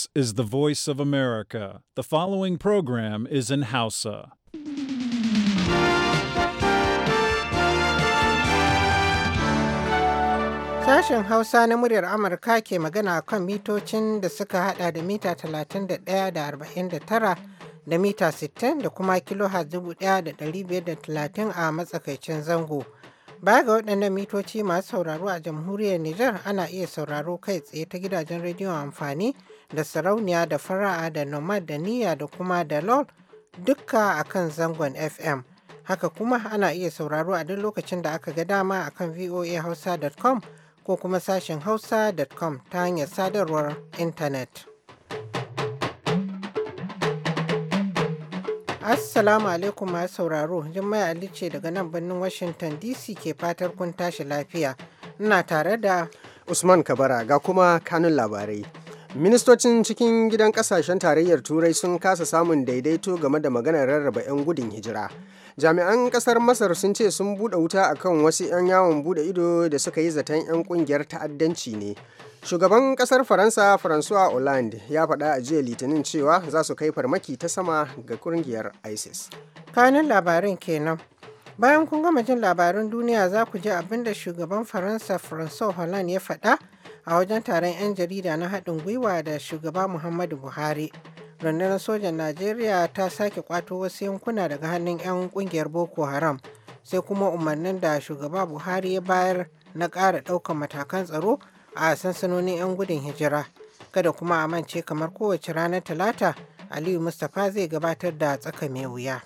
This is the voice of America. The following program is in Hausa. Sashen Hausa na muryar Amurka ke magana kan mitocin da suka hada da mita 31 da da mita 60 da kuma kilohertz 1530 a matsakaicin zango. Baya ga waɗannan mitoci masu sauraro a jamhuriyar Nijar ana iya sauraro kai tsaye ta gidajen rediyon amfani da sarauniya da fara'a da nomad da niyya da kuma da lol duka a kan zangon fm haka kuma ana iya sauraro a duk lokacin da aka ga dama a kan voahausa.com ko kuma sashen hausa.com ta hanyar sadarwar intanet assalamu alaikum masu sauraro jummai ali ce daga nan birnin washington dc ke fatar kun tashi lafiya ina tare da usman kabara ga kuma kanun labarai ministocin cikin gidan kasashen tarayyar turai sun kasa samun daidaito game da maganar rarraba 'yan gudun hijira jami'an kasar masar sun ce sun buɗe wuta a kan wasu 'yan yawon buɗe ido da suka yi zaton 'yan ƙungiyar ta'addanci ne shugaban kasar faransa françois hollande ya faɗa a jiya litinin cewa za su kai farmaki ta sama ga ƙungiyar isis kanin labarin kenan bayan kun gama jin labarin duniya za ku ji abin da shugaban faransa françois hollande ya faɗa a wajen taron 'yan jarida na haɗin gwiwa da shugaba Muhammadu Buhari. Rundunar sojan Najeriya ta sake kwato wasu yankuna daga hannun 'yan kungiyar Boko Haram, sai kuma umarnin da shugaba Buhari ya bayar na ƙara ɗaukar matakan tsaro a sansanonin 'yan gudun hijira. Kada kuma a mance kamar kowace ranar Talata, Aliyu Mustapha zai gabatar da tsaka mai wuya.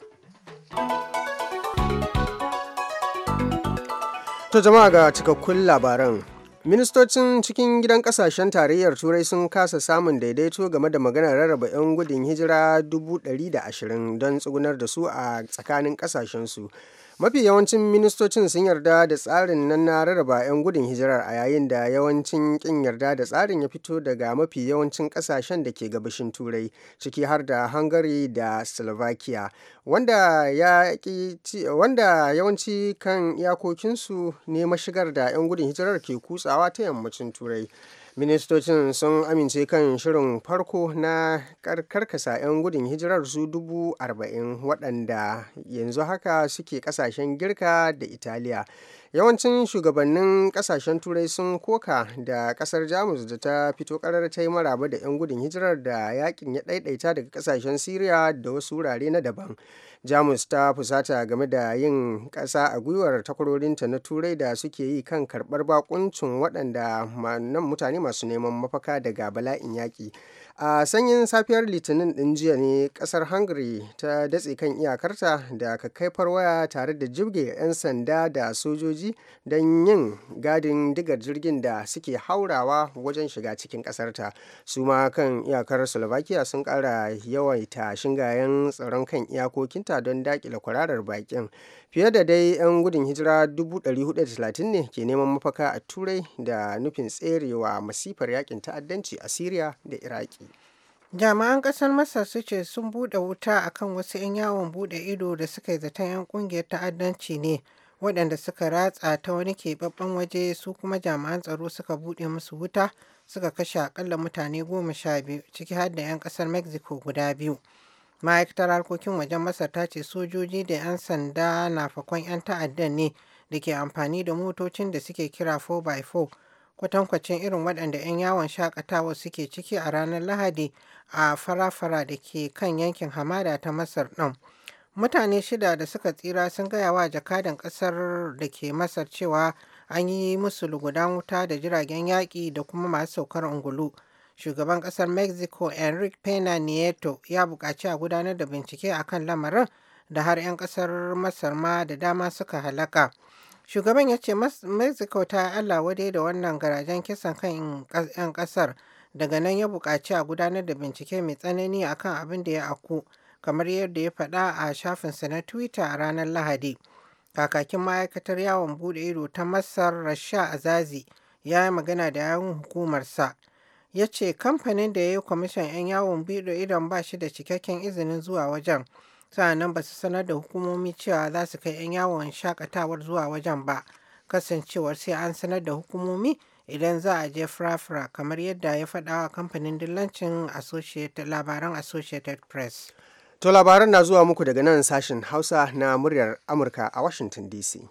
To jama'a ga cikakkun labaran ministocin cikin gidan kasashen tarayyar turai sun kasa samun daidaito game da maganar rarraba 'yan gudun hijira 120 don tsugunar da su a tsakanin kasashensu mafi yawancin ministocin sun yarda da tsarin nan na rarraba 'yan gudun hijirar a yayin da yawancin kin yarda da tsarin ya fito daga mafi yawancin kasashen da ke gabashin turai ciki har da hungary da slovakia wanda, yawanci kan iyakokinsu ne mashigar da 'yan gudun hijirar ke kutsawa ta yammacin turai ministocin sun amince kan shirin farko na karkasa 'yan gudun hijirar su dubu arba'in waɗanda yanzu haka suke ƙasashen girka da italiya yawancin shugabannin kasashen turai sun koka da kasar jamus da ta fito karar ta yi maraba da 'yan gudun hijirar da yakin ya ɗaiɗaita daga kasashen syria da wasu wurare na daban jamus ta fusata game da yin ƙasa a gwiwar takwarorinta na turai da suke yi kan karɓar bakuncin waɗanda nan mutane masu neman mafaka daga bala'in yaƙi a sanyin safiyar litinin ɗin jiya ne ƙasar hungary ta datse kan iyakarta da kakkaifar waya tare da jibge 'yan sanda da sojoji don yin gadin digar jirgin da suke haurawa wajen shiga cikin ƙasarta su ma kan iyakar slovakia sun ƙara yawaita shingayen tsaron kan iyakokinta don daƙile kwararar baƙin fiye da dai 'yan gudun hijira 430 ne ke neman mafaka a turai da nufin tserewa masifar yakin ta'addanci a syria da iraki jami'an kasar masar su ce sun bude wuta akan wasu 'yan yawon bude ido da suka yi zaton 'yan kungiyar ta'addanci ne waɗanda suka ratsa ta wani keɓaɓɓen waje su kuma jami'an tsaro suka bude musu wuta suka kashe akalla mutane goma sha biyu ciki har da 'yan kasar mexico guda biyu ma'aikatar harkokin wajen masar ta ce sojoji da 'yan sanda na fakon 'yan ta'addan ne da ke amfani da motocin da suke kira 4x4 kwatankwacin irin waɗanda 'yan yawon shakatawa suke ciki a ranar lahadi a fara fara da ke kan yankin hamada ta masar ɗin mutane shida da suka tsira sun gaya wa jakadan ƙasar da ke masar cewa an yi musu lugudan wuta da jiragen yaƙi da kuma masu saukar ungulu. shugaban kasar mexico enrique pena nieto ya bukaci a gudanar da bincike akan lamarin da har 'yan kasar masar ma da dama suka halaka shugaban ya ce mexico ta allah wadai da wannan garajen kisan kan 'yan kasar daga nan ya bukaci a gudanar da bincike mai tsanani akan abin da ya aku kamar yadda ya faɗa a shafinsa na twitter a ranar lahadi kakakin ma'aikatar yawon buɗe ido ta masar rasha azazi ya yi magana da yawon hukumarsa ya ce kamfanin da ya yi kwamishin 'yan yawon buɗe idon ba shi da cikakken izinin zuwa wajen sa'annan ba su sanar da hukumomi cewa za su kai 'yan yawon shakatawar zuwa wajen ba kasancewar sai an sanar da hukumomi idan za a je frafra kamar yadda ya faɗa wa kamfanin dillancin labaran associated press to labaran na zuwa muku daga nan sashen hausa na muryar amurka a washington dc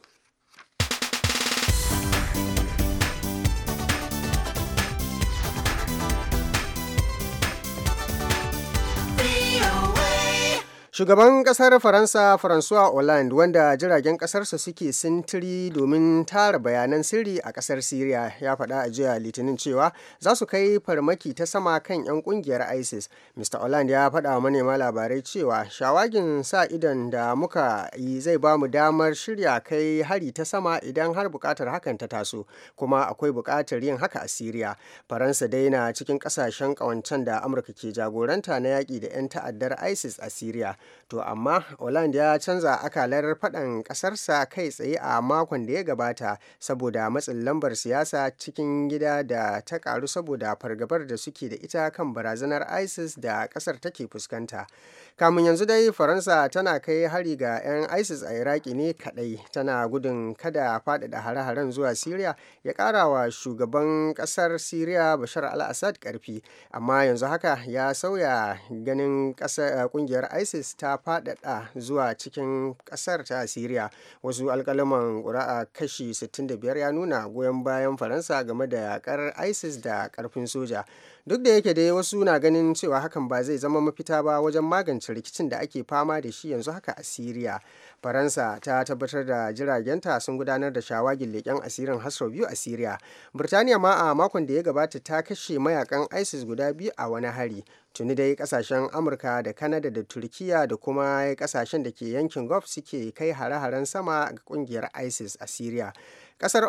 Shugaban kasar Faransa François Hollande wanda jiragen kasarsa suke sintiri domin tara bayanan sirri a kasar Siriya ya faɗa a jiya Litinin cewa za su kai farmaki ta sama kan 'yan kungiyar ISIS. Mr. Hollande ya faɗa wa manema labarai cewa shawagin sa idan da muka yi zai ba mu damar shirya kai hari ta sama idan har bukatar hakan ta taso kuma akwai bukatar yin haka a Siriya. Faransa dai na cikin ƙasashen ƙawancen da Amurka ke jagoranta na yaƙi da 'yan ta'addar ISIS a Siriya. To amma oland ya canza akalar faɗan ƙasarsa kai tsaye a makon da ya gabata saboda matsin lambar siyasa cikin gida da ta karu saboda fargabar da suke da ita kan barazanar ISIS da ƙasar take fuskanta. kamun yanzu dai faransa tana kai hari ga 'yan isis a iraki ne kadai tana gudun kada faɗaɗa hare-haren zuwa syria ya ƙara wa shugaban ƙasar syria bashar al-assad ƙarfi amma yanzu haka ya sauya ganin eh, ƙungiyar isis ta faɗaɗa zuwa cikin ƙasar ta syria wasu alkalaman ƙuri'a kashi 65 ya nuna goyon bayan faransa game da yaƙar isis da ƙarfin soja duk da yake dai wasu na ganin cewa hakan ba zai zama mafita ba wajen magance rikicin da ake fama da shi yanzu haka a siriya faransa ta tabbatar da jiragenta sun gudanar da shawagin leƙen asirin hasro biyu a siriya birtaniya ma a makon da ya gabata ta kashe mayakan isis guda biyu a wani hari tuni dai kasashen amurka da kanada da turkiya da kuma kasashen da ke yankin gulf suke kai hare-haren sama ga kungiyar isis a syria Kasar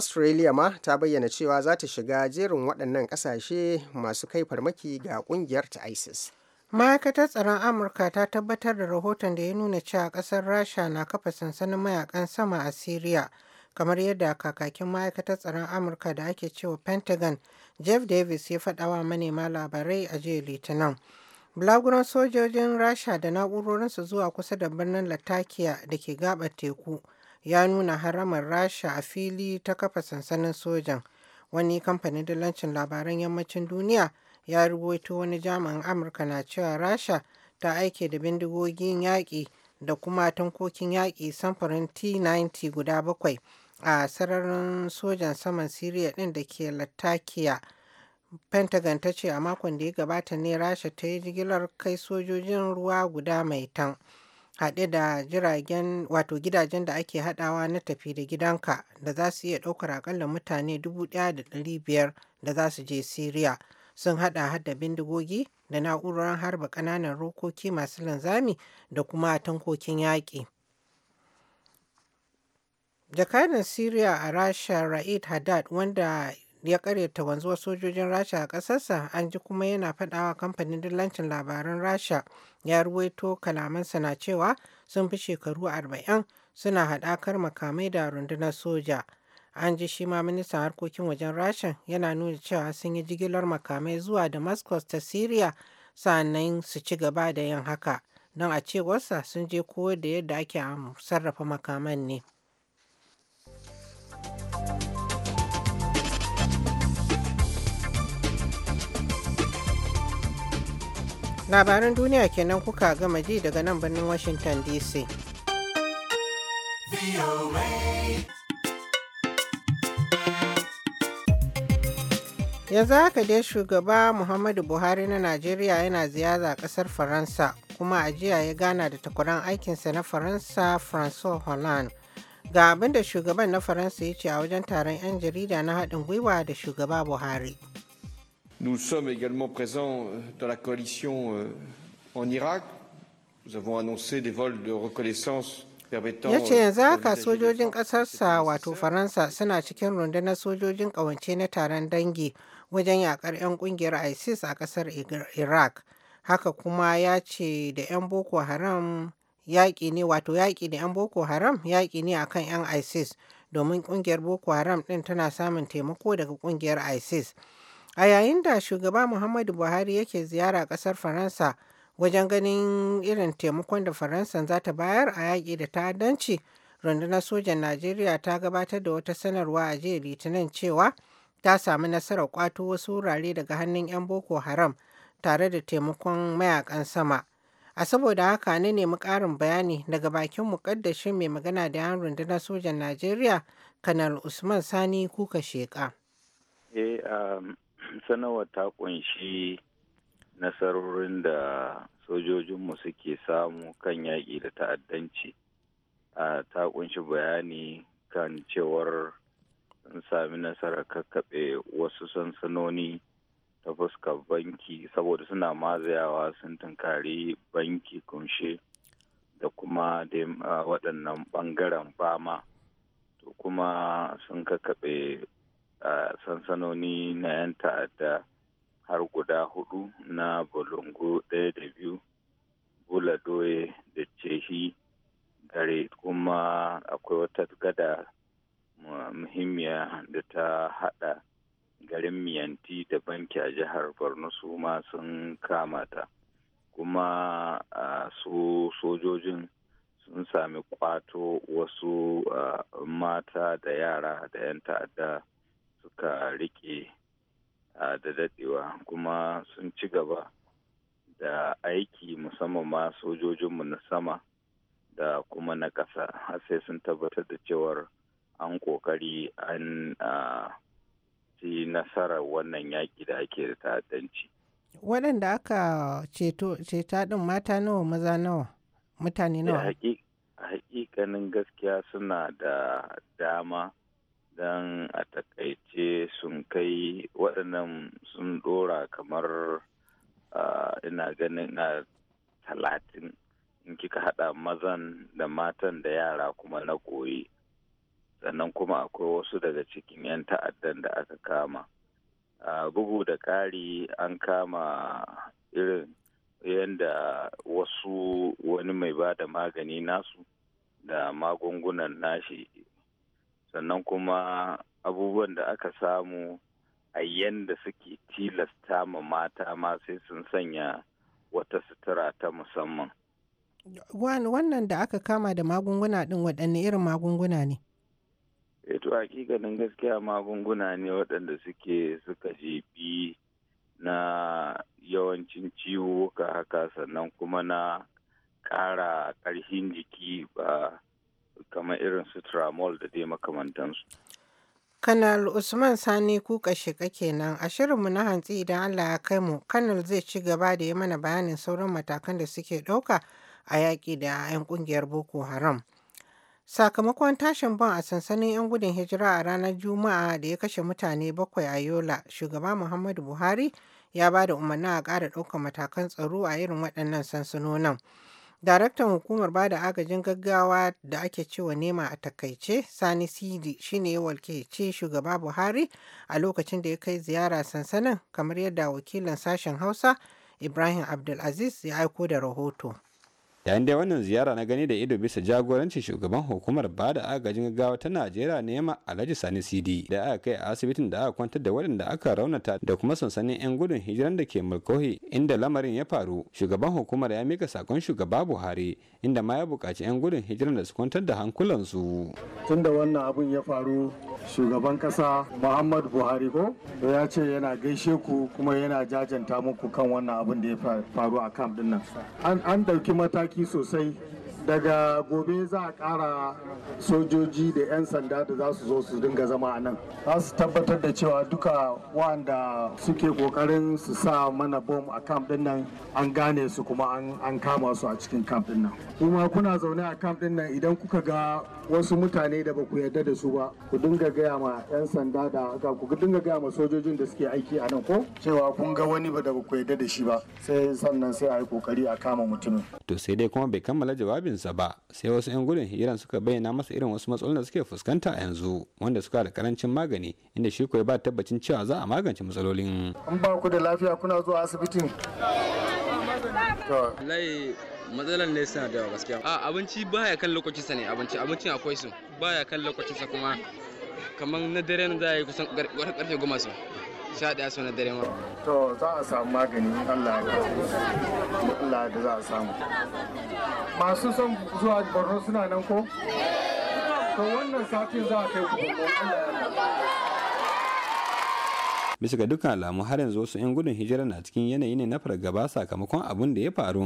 Australia ma ta bayyana cewa za ta shiga jerin waɗannan ƙasashe masu kai farmaki ga ƙungiyar ta ISIS. ma'aikatar tsaron amurka ta tabbatar da rahoton da ya nuna cewa ƙasar rasha na kafa sansanin mayakan sama a syria kamar yadda kakakin ma'aikatar tsaron amurka da ake cewa pentagon jeff davis ya faɗawa manema labarai a jiya litinin bulaguran sojojin rasha da na'urorinsu zuwa kusa da birnin latakia da ke gabar teku ya nuna haramar Rasha a fili ta kafa sansanin sojan. Wani kamfanin dalancin labaran yammacin duniya ya rubuto wani jami'in Amurka na cewa Rasha ta aike da bindigogin yaƙi da kuma tankokin yaƙi samfurin T-90 guda bakwai a sararin sojan saman Siriya ɗin da ke Latakia. Pentagon ta ce a makon da ya gabata ne Rasha ta yi jigilar kai sojojin ruwa guda mai tan. haɗe da jiragen wato gidajen da ake haɗawa na tafi da gidanka da za su iya ɗaukar aƙalla mutane 1,500 da za su je Siriya sun haɗa hada bindigogi da na'urar harba ƙananan rokoki masu linzami da kuma tankokin yaƙi. Jakadan Siriya a Rasha Ra'id Haddad wanda ya karyata wanzuwar sojojin rasha a ƙasarsa an ji kuma yana faɗawa kamfanin dillancin labaran rasha ya ruwaito kalamansa na cewa sun fi shekaru arba'in suna haɗakar makamai da rundunar soja an ji shi ma ministan harkokin wajen rasha yana nuna cewa sun yi jigilar makamai zuwa damascus ta syria sannan su ci gaba da yin haka don a cewarsa sun je koyar da yadda ake sarrafa makaman ne. labaran duniya kenan kuka gama ji daga nan birnin washington dc yanzu haka dai shugaba muhammadu buhari na najeriya yana ziyara kasar faransa kuma ajiya ya gana da takwaran aikinsa na faransa François hollande ga abinda shugaban na faransa ya ce a wajen taron 'yan jarida na haɗin gwiwa da shugaba buhari Nous sommes également présents euh, dans la coalition euh, en Irak. Nous avons annoncé des vols de reconnaissance ya ce euh, yanzu haka sojojin ƙasarsa wato faransa suna cikin rundunar sojojin ƙawance na taron dangi wajen yakar 'yan ƙungiyar isis a ƙasar iraq haka kuma ya ce da 'yan boko haram yaƙi ne wato yaƙi da 'yan boko haram yaƙi ne akan 'yan isis domin ƙungiyar boko haram ɗin tana samun taimako daga ƙungiyar isis A yayin da shugaba Muhammadu Buhari yake ziyara ƙasar Faransa wajen ganin irin taimakon da faransa za ta bayar a yaƙi da ta'addanci, rundunar sojan Najeriya ta gabatar da wata sanarwa a jiya Litinin cewa ta sami nasarar ƙwato wasu wurare daga hannun 'yan Boko Haram tare da taimakon mayakan sama. A saboda haka ne nemi ƙarin bayani daga bakin muƙaddashin mai magana da yan rundunar sojan Najeriya, Kanar Usman Sani Kuka sheka eh, um, sanarwar ta kunshi nasarorin da sojojinmu suke samu kan yaƙi da ta'addanci ta kunshi bayani kan cewar sun sami nasarar kakkaɓe wasu sansanoni ta fuskar banki saboda suna mazayawa sun tunkari banki kunshe da kuma waɗannan ɓangaren fama to kuma sun kakkaɓe sansanoni na 'yan ta'adda har guda hudu na bolongo ɗaya da biyu buladoye da cehi gare kuma akwai wata gada muhimmiya da ta hada garin miyanti da banki a jihar borno su ma sun kamata ta kuma su sojojin sun sami kwato wasu mata da yara da 'yan ta'adda suka rike da daɗewa kuma sun ci gaba da aiki musamman ma sojojinmu na sama da kuma na ƙasa har sai sun tabbatar da cewar an ƙoƙari an ci nasarar wannan yaƙi da ake da ta'addanci. waɗanda aka ceta ɗin mata nawa maza nawa mutane eh, nawa a hakikanin gaskiya suna da dama don a takaice sun kai waɗannan sun ɗora kamar ina ganin na talatin in kika haɗa mazan da matan da yara kuma na koyi sannan kuma akwai wasu daga cikin 'yan ta'addan da aka kama bugu da ƙari an kama irin yadda wasu wani mai bada magani nasu da magungunan nashi sannan kuma abubuwan da aka samu a yanda suke tilasta ma mata ma sai sun sanya wata sutura ta musamman. Wannan da aka kama da magunguna ɗin waɗanne irin magunguna ne? Eto eh hakikanin gaskiya magunguna ne waɗanda suke suka jebi na yawancin ciwo haka sannan kuma na ƙara ƙarfin jiki ba kamar irin su tramol da dai makamantansu. Kanal Usman Sani kuka shiga kenan a shirinmu na hantsi idan Allah ya kai mu kanal zai ci gaba da yi mana bayanin sauran matakan da suke ɗauka a yaƙi da 'yan ƙungiyar Boko Haram. Sakamakon tashin ban a sansanin 'yan gudun hijira a ranar Juma'a da ya kashe mutane bakwai a Yola, shugaba Muhammadu Buhari ya ba da umarni a ƙara ɗaukar matakan tsaro a irin waɗannan sansanonin. Daraktan hukumar bada agajin gaggawa da ake cewa nema a takaice Sani Sidi shine ya walkece shugaba Buhari a lokacin da ya kai ziyara sansanin kamar yadda wakilin sashen Hausa Ibrahim Abdulaziz ya aiko da rahoto. yayin dai wannan ziyara na gani da ido bisa jagorancin shugaban hukumar ba da agajin gaggawa ta najeriya nema alhaji sani cd da aka kai a asibitin da aka kwantar da waɗanda aka raunata da kuma sansanin yan gudun hijiran da ke mulkohi inda lamarin ya faru shugaban hukumar ya mika sakon shugaba buhari inda ma ya buƙaci yan gudun hijiran da su kwantar da hankulansu tun da wannan abun ya faru shugaban kasa muhammad buhari ko ya ce yana gaishe ku kuma yana jajanta muku kan wannan abun da ya faru a ɗin nan an ɗauki mataki mataki sosai daga gobe za a kara sojoji da 'yan sanda da za su zo su dinga zama a nan za su tabbatar da cewa duka wanda suke ƙoƙarin su sa mana bom a kamp ɗin nan an gane su kuma an kama su a cikin kamp ɗin nan kuma kuna zaune a kamp din nan idan kuka ga wasu mutane da ba ku yarda da su ba ku dinga gaya ma 'yan sanda da haka ku dinga gaya ma sojojin da suke aiki a nan ko cewa kun ga wani ba da ba ku yarda da shi ba sai sannan sai a yi kokari a kama mutumin. To sai dai kuma bai kammala jawabinsa ba sai wasu 'yan gudun hiran suka bayyana masa irin wasu matsalolin da suke fuskanta a yanzu wanda suka da karancin magani inda shi kuwa ba tabbacin cewa za a magance matsalolin. In ba ku da lafiya kuna zuwa asibitin. matsalan ne suna da yawa gaskiya a abinci baya kan lokacin sa ne abinci abinci akwai su baya kan lokacin sa kuma kamar na dare na za a yi kusan karfe goma su sha daya su na dare ma to za a samu magani Allah ya Allah da za a samu masu son zuwa Borno suna nan ko to wannan satin za a kai ku Allah ya bisa ga dukkan alamu har yanzu wasu 'yan gudun hijira na cikin yanayi ne na fargaba sakamakon abin da ya faru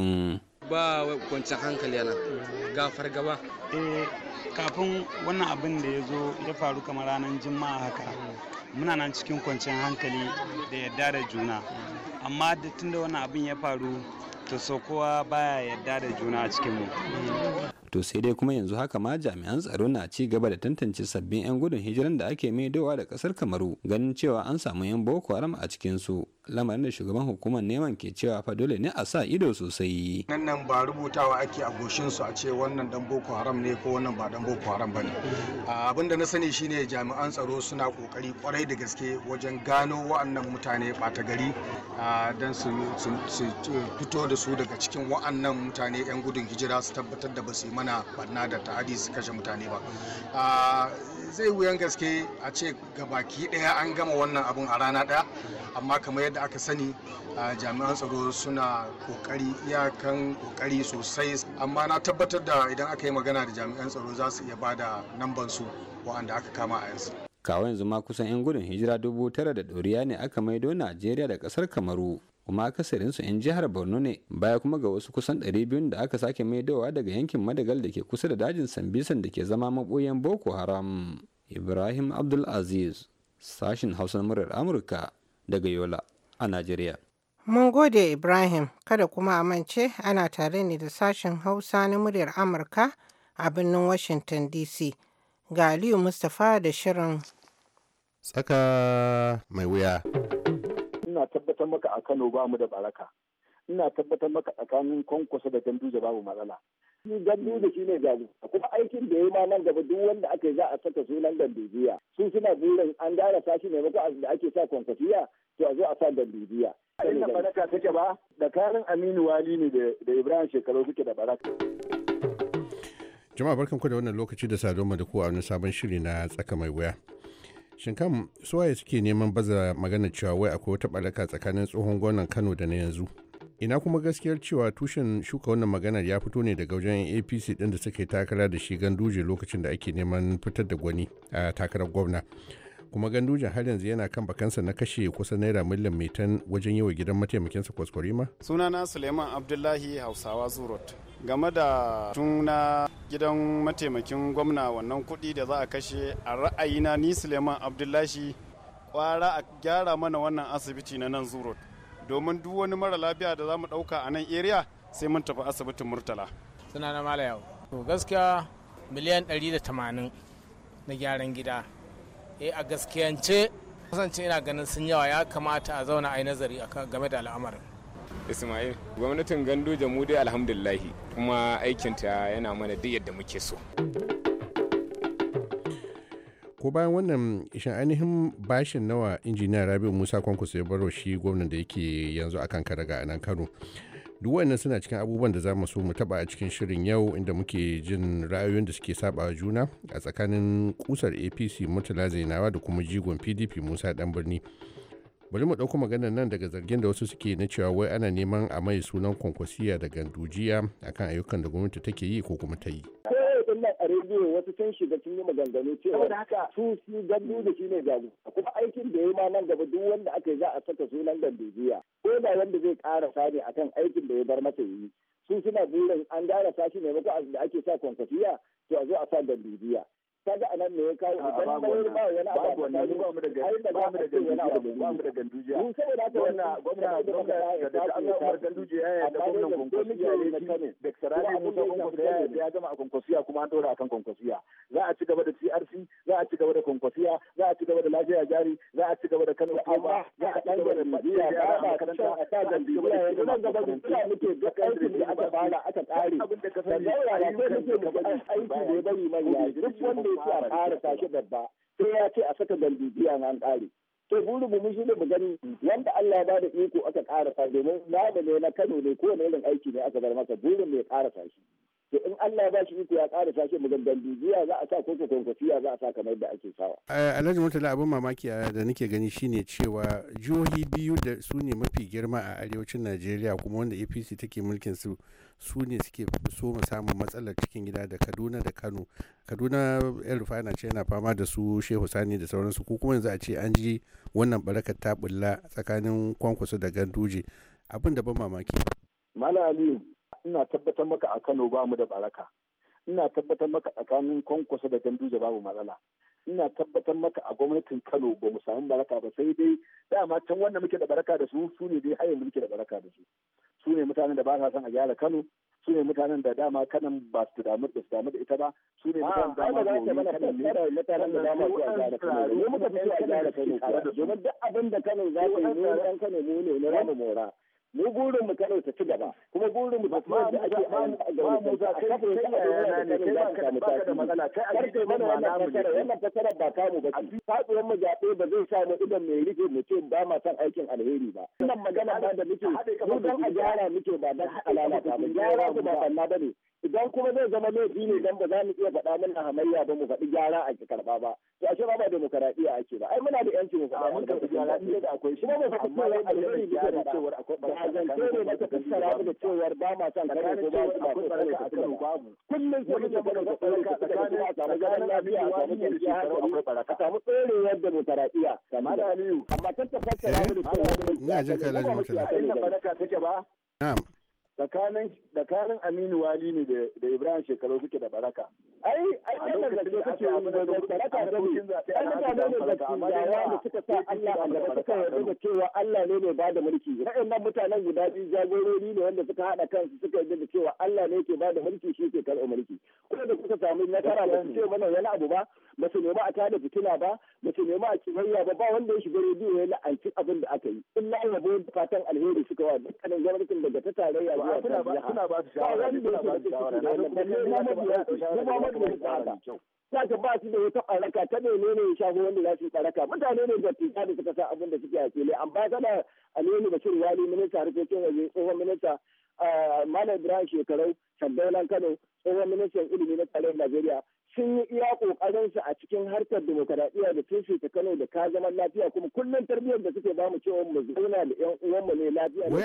ba kwanciyar hankali yana ga fargaba eh, kafin wannan abin da ya zo ya faru kamar ranar juma'a haka muna nan cikin kwanciyar hankali da yadda da juna amma tun da wannan abin ya faru to so kowa baya yadda da juna a cikinmu to sai dai kuma yanzu haka ma jami'an tsaro na ci gaba da tantance sabbin 'yan gudun hijiran da ake maidowa da kasar kamaru ganin cewa an samu 'yan boko haram a cikin su lamarin da shugaban hukumar neman ke cewa fa dole ne a sa ido sosai nan nan ba rubutawa ake a goshin su a ce wannan dan boko haram ne ko wannan ba dan boko haram bane abinda da na sani shine jami'an tsaro suna kokari kwarai da gaske wajen gano wa'annan mutane bata gari don su fito da su daga cikin wa'annan mutane 'yan gudun hijira su tabbatar da ba su yi mana barna da ta'adi su kashe mutane ba zai wuyan gaske a ce gabaki daya an gama wannan abun a rana daya amma kamar yadda aka sani jami'an tsaro suna kokari iyakan kokari sosai amma na tabbatar da idan aka yi magana da jami'an tsaro za su iya bada namban su wa'anda aka kama a yanzu kawai yanzu ma kusan 'yan gudun hijira dubu tara da doriya ne aka maido najeriya da kasar kamaru kuma su 'yan jihar borno ne baya kuma ga wasu kusan 200 da aka sake maidowa daga yankin madagal da ke kusa da dajin sambisan da ke zama maboyan boko haram ibrahim abdulaziz sashin hausa murar amurka daga yola a nigeria. mun gode ibrahim kada kuma a mance ana tare ne da sashin hausa na muryar amurka a birnin washington dc ga aliyu mustapha da shirin tsaka mai wuya ina tabbatar maka a Kano ba mu da baraka ina tabbatar maka tsakanin kwankwasa da ganduje babu matsala shi ganduje shi ne jago kuma aikin da ya ma nan gaba duk wanda aka za a saka sunan gandujiya su suna burin an gara tashi maimakon da ake sa kwankwasiya to a zo a sa gandujiya inda baraka take ba da karin aminu wali ne da ibrahim shekaru suke da baraka jama'a barkanku da wannan lokaci da saduwa da ku a wani sabon shiri na tsaka mai wuya shin kan suwaye suke neman baza magana cewa wai akwai wata balaka tsakanin tsohon gwamnan kano da na yanzu ina kuma gaskiyar cewa tushen shuka wannan maganar ya fito ne daga wajen apc ɗin da suke takara da shi ganduje lokacin da ake neman fitar da gwani a takarar gwamna kuma gandujin har yanzu yana kan bakansa na kashe kusa naira miliyan metan wajen yi wa gidan mataimakinsa kwaskwarima sunana suleiman abdullahi hausawa zurot game da tuna gidan mataimakin gwamna wannan kuɗi da za a kashe a ra'ayina ni suleiman abdullahi kwara a gyara mana wannan asibiti na nan zurot domin duk wani mara lafiya da za mu ɗauka a nan area sai mun tafi asibitin murtala suna malayau to gaskiya miliyan 180 na gyaran gida eh a gaskiyance kasance ina ganin sun yawa ya kamata a zauna a yi nazari game da al'amarin ismail gwamnatin gandu jamu dai alhamdulahi kuma aikinta yana mana duk yadda muke so ko bayan wannan ishin ainihin bashin nawa injiniya rabiu musa kwankwaso ya baro shi gwamnan da yake yanzu a karaga ga nan kano duk wannan suna cikin abubuwan da za mu so mu taba a cikin shirin yau inda muke jin ra'ayoyin da suke saba juna a tsakanin kusar apc murtala zainawa da kuma jigon pdp musa dan birni bari mu ɗauko maganar nan daga zargin da wasu suke na cewa wai ana neman a mai sunan kwankwasiya da gandujiya akan ayyukan da gwamnati take yi ko kuma ta yi ce wasu sun shiga sun yi maganganu cewa saboda su su gandu da shi ne jago kuma aikin da ya ma nan gaba duk wanda aka yi za a saka sunan gandujiya ko da wanda zai sa ne akan aikin da ya bar masa yi su suna burin an gara sashi maimakon da ake sa kwankwasiya to a zo a sa gandujiya kaga anan ne ya kawo idan na wani ba wani abu ba mu da mu da ba mu da gandujiya mu saboda haka wannan gwamnati da gwamnati da an ga umar ganduje ya yarda gwamnan konkwasiya ne da sarari musa konkwasiya ya ya gama a konkwasiya kuma an dora akan konkwasiya za a ci gaba da crc za a ci gaba da konkwasiya za a ci gaba da lafiya jari za a ci gaba da kano kuma za a ci gaba da majiya ba ba karanta a sa gandujiya ya gaba da gandujiya muke ga aikin da aka fara aka kare da yawa ya sai muke aiki da bari mai ya duk wanda yake a ƙara tashi babba sai ya ce a saka galbibiya na an ƙare to burin mu shi ne mu gani wanda Allah ya bada iko aka ƙara sa domin na ne na Kano ne ne irin aiki ne aka bar masa burin mai ya ƙara tashi to in Allah ba shi iko ya ƙara sake magandan dubiya za a sa ko kwankwafiya za a sa kamar da ake sawa. Alhaji Murtala abin mamaki da nake gani shine cewa jihohi biyu da su ne mafi girma a arewacin Najeriya kuma wanda APC take mulkin su su ne suke so mu samun matsalar cikin gida da Kaduna da Kano. Kaduna El Rufai na ce yana fama da su Shehu Sani da sauransu ko kuma yanzu a ce an ji wannan barakar ta bulla tsakanin kwankwaso da ganduje abin da ban mamaki. Mala Aliyu ina tabbatar maka a Kano ba mu da baraka ina tabbatar maka tsakanin kwankwasa da ganduje babu matsala ina tabbatar maka a gwamnatin Kano ba mu samu baraka ba sai dai dama can wanda muke da baraka da su su ne dai hayan muke da baraka da su su ne mutanen da ba sa son a gyara Kano su ne mutanen da dama kanan ba su damu da su damu da ita ba su ne mutanen da ah, ba su damu da mutanen da dama su gyara Kano ne muka fi a gyara Kano domin duk da yi ne dan Kano ne ne ramu mora mu burin mu kano ta ci gaba kuma burin mu kuma da ake ayyana a gwamnati a kai ta yana ne kai ka da matsala kai a cikin mana na mu ne wannan fasara ba ta mu ba ci faduwar mu zabe ba zai sa mu idan mai rike mu ce ba ma san aikin alheri ba wannan magana ba da muke mu dan a gyara muke ba dan alala ba mu gyara ku ba banna bane idan kuma zai zama laifi ne dan ba za mu iya faɗa mana hamayya ba mu faɗi gyara a karɓa ba to ba ba demokaradiyya ake ba ai muna da yanci mu faɗa mun karɓi demokaradiyya da akwai shi ne ba kuma wai alheri da da cewar akwai ba zance ne ba ta fassara da cewar ba ma san kare ko ba ma san kare ka akan babu kullum sai mun tabbata da kare ka tsakanin a samu zaman lafiya a samu kwanciyar hankali akwai baraka a samu tsorewar demokaradiyya kamar da aliyu amma ta fassara da cewar ina jin kai lalima kana inda baraka take ba na'am tsakanin aminu wali ne da ibrahim shekaru suke da baraka ai ai wannan zance kake yi da talaka da ne ai mutane da turawa da suka sa Allah a gaba suka yarda da cewa Allah ne mai bada mulki waɗannan mutanen guda biyu jagorori ne wanda suka haɗa kansu suka yarda da cewa Allah ne yake bada mulki shi yake karɓa mulki kuma da suka samu nasara ba su ce mana wani abu ba ba su nema a tada fitina ba ba ta nema a kimayya ba ba wanda ya shiga rediyo ya la'anci abin da aka yi illa yabo fatan alheri suka wa dukkanin gwamnatin daga ta tarayya zuwa ta jiha ba suna ba su shawara na da kuma saka ba su da wata ɓaraka ta ne ne ya shafi wanda za su yi ɓaraka mutane ne da tuka da suka sa abin da suke a fili amma kana aliyu shirya wali minista harkokin waje tsohon minista ah, malam ibrahim shekarau sandaunan kano tsohon ministan ilimi na tsarin najeriya sun yi iya kokarin su a cikin harkar demokaradiyya da tushe ta Kano da ka zama lafiya kuma kullum tarbiyyar da suke ba mu cewa mu zauna da yan uwanmu ne lafiya wai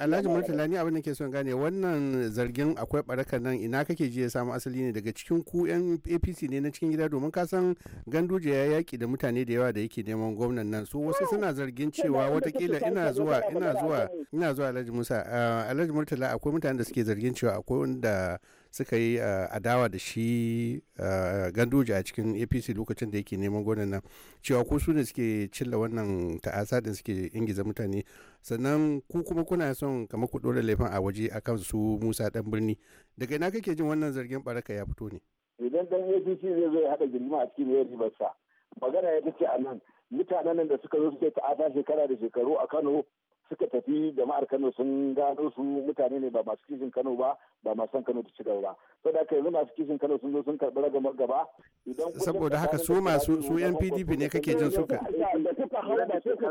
alhaji eh, murtala ni abin da ke son gane wannan zargin akwai baraka nan ina kake ji ya samu asali ne daga cikin ku yan APC ne na cikin gida domin ka san ganduje ya yaki da mutane da yawa da yake neman gwamnan nan su wasu suna zargin cewa watakila ina zuwa ina zuwa ina zuwa alhaji Musa eh, alhaji murtala akwai mutane da suke zargin cewa akwai wanda suka yi adawa da shi gandoji a cikin apc lokacin da yake neman gonan nan cewa ko su ne suke cilla wannan ta'asa da suke ingiza mutane sannan ku kuma kuna son kamar ku dora laifin a waje akan su musa dan birni daga ina kake jin wannan zargin baraka ya fito ne idan dan apc zai zo ya haɗa girma a cikin yari basa magana ya ce a nan mutanen da suka zo suke ta'asa shekara da shekaru a kano suka tafi jama'ar kano sun gano su mutane ne ba masu kishin kano ba ba masu san kano ta ci gaba ba saboda haka yanzu masu kishin kano sun zo sun karɓi ragamar gaba idan saboda haka su masu su yan pdp ne kake jin suka da suka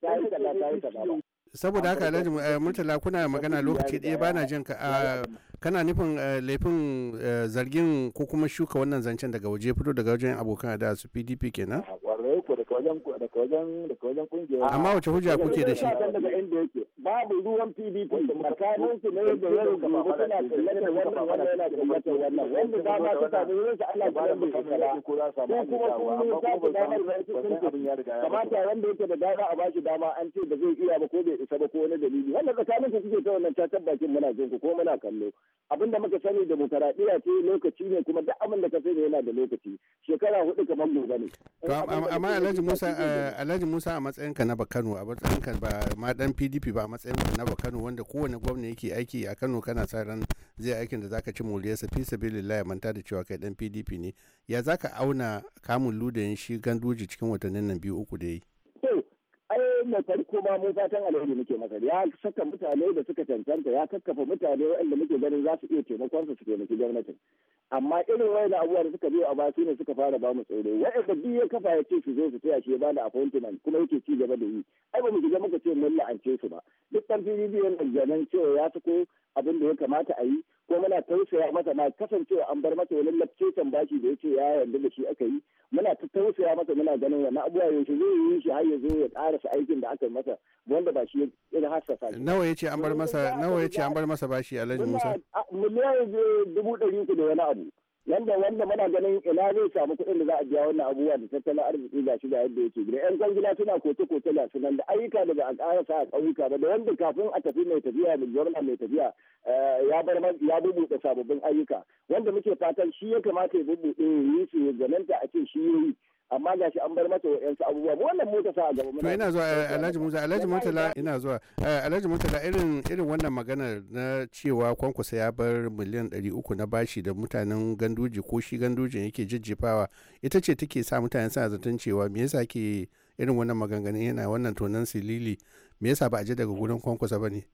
ta yi ba saboda haka alhaji eh, murtala kuna magana lokaci ɗaya bana jin ka ah, kana nufin eh, laifin eh, zargin ko kuma shuka wannan zancen daga waje fito daga wajen abokan da su pdp kenan saurare ku daga wajen daga wajen daga wajen kungiyar amma wace hujja kuke da shi daga inda yake babu ruwan PDP makamin su ne da yau ka ba suna kallatar wannan wannan yana kallatar wannan wanda da ba su tabi wurin su Allah ya yi kankara ko za su samu kuma sun yi ta ku damar da su sun tabi kamata wanda yake da dama a ba shi dama an ce da zai iya ba ko bai isa ba ko wani dalili wannan tsakanin su suke ta wannan cacar bakin muna jin ku ko muna kallo abinda muka sani demokaradiyya ce lokaci ne kuma duk abin da ka sani yana da lokaci shekara hudu kamar mu gani amma alhaji musa eh, eh, alhaji musa a matsayin ka na bakano a matsayin ka ba ma dan pdp ba a matsayin ka na kano wanda kowane gwamna yake aiki a kano kana sa ran zai aikin da zaka ci muliyarsa fi sabilillah manta da cewa kai dan pdp ne ya zaka auna kamun ludayin shi ganduji cikin watannin nan biyu uku da yi ai na farko ma mun fatan alheri muke masa ya saka mutane da suka cancanta ya kakkafa mutane waɗanda muke ganin za su iya taimakon su su taimaki gwamnatin amma irin da abubuwa da suka biyo a baya ne suka fara ba mu tsoro wa'anda duk ya kafa ya ce su zo su taya shi ya bada appointment kuma yake ci gaba da yi ai ba mu shiga muka ce mun la'ance su ba duk dan PDP yana cewa ya sako abin da ya kamata a yi ko muna tausaya masa ma kasancewa an bar masa wani lafcecen bashi da yake ya yarda da shi aka yi muna ta tausaya masa muna ganin wani abuwa yaushe zai yi shi har ya ƙara ya karasa aikin da aka masa wanda ba shi ya hasa sa nawa yace an bar masa nawa yace an bar masa bashi alhaji Musa miliyan dubu ɗari da wani abu wanda wanda muna ganin ina zai samu kuɗin da za a biya wannan abubuwa da tattalin arziki ga shi da yadda yake gida yan kwangila suna koce koce ga sunan da ayyuka da ba a ƙara sa a ƙauyuka ba da wanda kafin a tafi mai tafiya da jorna mai tafiya eh, ya bar ya bubuɗe sababbin ayyuka wanda muke fatan shi ya kamata ya bubuɗe yi su ya gananta a ce shi yi amma ga shi an bar mata wa'yansu abubuwa mu wannan mota sa a gaba to ina zuwa eh, alhaji musa alhaji murtala ina zuwa eh, alhaji murtala irin irin wannan magana na cewa kwankwasa ya bar miliyan 300 na bashi da mutanen ganduji ko shi gandujin yake jijjifawa ita ce take sa mutanen sa zaton cewa me yasa ke irin wannan maganganun yana wannan tonan silili me yasa ba a je daga gurin kwankwasa ba ne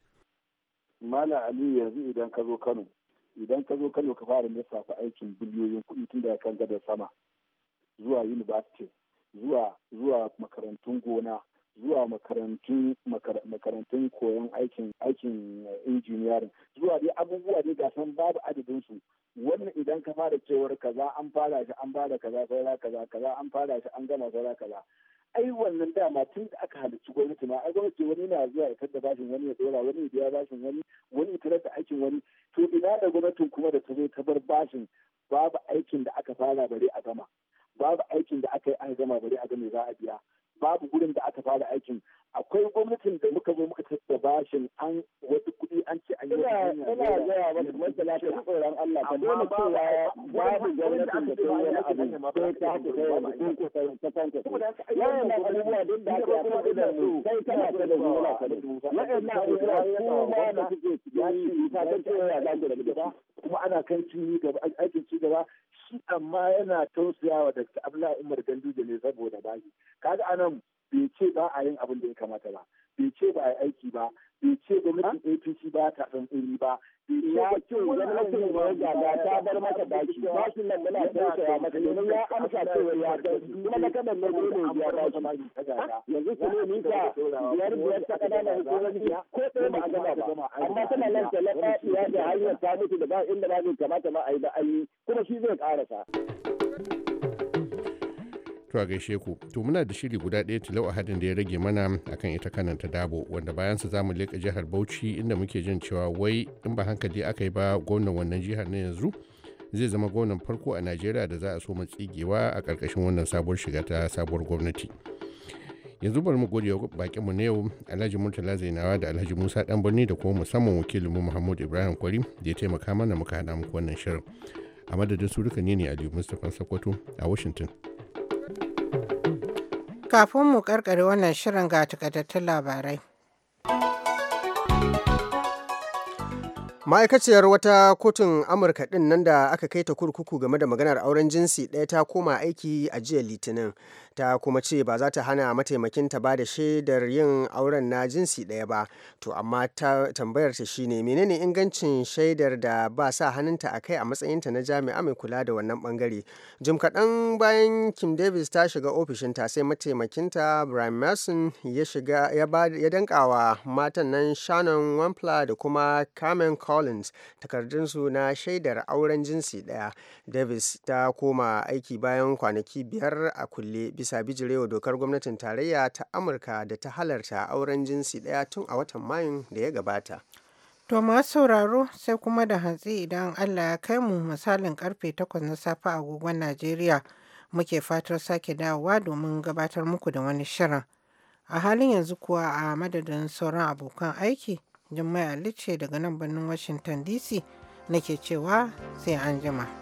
malam aliyu yanzu idan ka zo kano idan ka zo kano ka fara lissafa aikin biliyoyin kuɗi tun da kan gadar sama zuwa university zuwa zuwa makarantun gona zuwa makarantun makarantun koyon aikin aikin eh, engineering zuwa dai abubuwa dai san babu adadin su wannan idan ka fara cewar kaza an fara shi an fara kaza saura kaza kaza an fara shi an gama saura kaza ai wannan dama tun da aka halicci gwamnati ma ai gwamnati wani na zuwa ya da bashin wani ya dora wani ya biya bashin wani wani ya da aikin wani to ina da gwamnatin kuma da ta zo ta bar bashin babu aikin da aka fara bare a gama babu aikin da aka yi an gama bari a ga me za a biya babu gurin da aka fara aikin akwai gwamnatin da muka zo muka tattara bashin an wasu kuɗi an ce an yi wani hanya ina gaya masala ta tsoron Allah ka nuna cewa babu gwamnatin da ta wani abu ta haka kai wani ko su sai ta da zuwa da da da kuma ana kan ci gaba aikin ci shi amma yana tausayawa da Abdullahi Umar Ganduje ne saboda bashi kaga anan bai ce ba a yin abin da ya kamata ba bai ce ba a aiki ba bai ce gwamnatin apc ba ta san ba ya ce gwamnatin da ba ta bar mata baki bashin nan muna tausaya maka domin ya amsa cewa ya dauki kuma na kanan na gode ya bashi yanzu kuma ni ka biyar biyar ta kananan hukumomi ko ɗaya ba a gama ba amma tana nan ta lafa ya da hanyar ta mutu da ba inda ba zai kamata ma a yi ba an yi kuma shi zai ƙarasa. To a gaishe ku, to muna da shiri guda ɗaya tilau a hadin da ya rage mana akan ita ta dabo wanda bayan su zamu leƙa jihar Bauchi inda muke jin cewa wai in ba hankali aka yi ba gwamnan wannan jihar na yanzu zai zama gwamnan farko a Najeriya da za a so tsigewa a ƙarƙashin wannan sabuwar shiga ta sabuwar gwamnati. Yanzu bari mu gode wa mu na yau Alhaji Murtala Zainawa da Alhaji Musa Dan Birni da kuma musamman wakilinmu Muhammad Ibrahim Kwari da ya taimaka mana muka hada muku wannan shirin. A madadin su duka ne ne Aliyu Mustapha Sokoto a Washington. Kafin mu karkare wannan shirin ga takaitattun labarai. ma'aikaciyar wata kotun amurka din nan da aka kai ta kurkuku game da maganar auren jinsi ɗaya ta koma aiki a jiya litinin ta kuma ce ba za ta hana mataimakinta ba da shaidar yin auren na jinsi ɗaya ba to amma ta tambayar ta shine menene ingancin shaidar da ba sa hannunta a kai a matsayinta na jami'a mai kula da wannan bangare jim kaɗan bayan kim davis ta shiga ofishinta sai mataimakinta brian mason ya shiga ya dankawa matan nan shannon wampler da kuma carmen collins takardunsu na shaidar auren jinsi ɗaya davis ta koma aiki bayan kwanaki biyar a kulle bisa wa dokar gwamnatin tarayya ta amurka da ta halarta auren jinsi daya tun a watan mayun da ya gabata to masu sauraro sai kuma da hantsi idan allah ya kai mu misalin karfe 8 na safe a agogon najeriya muke fatar sake dawowa domin gabatar muku da wani shirin a halin yanzu kuwa a madadin sauran abokan aiki jimmai alice daga nan birnin washington dc nake cewa sai an jima.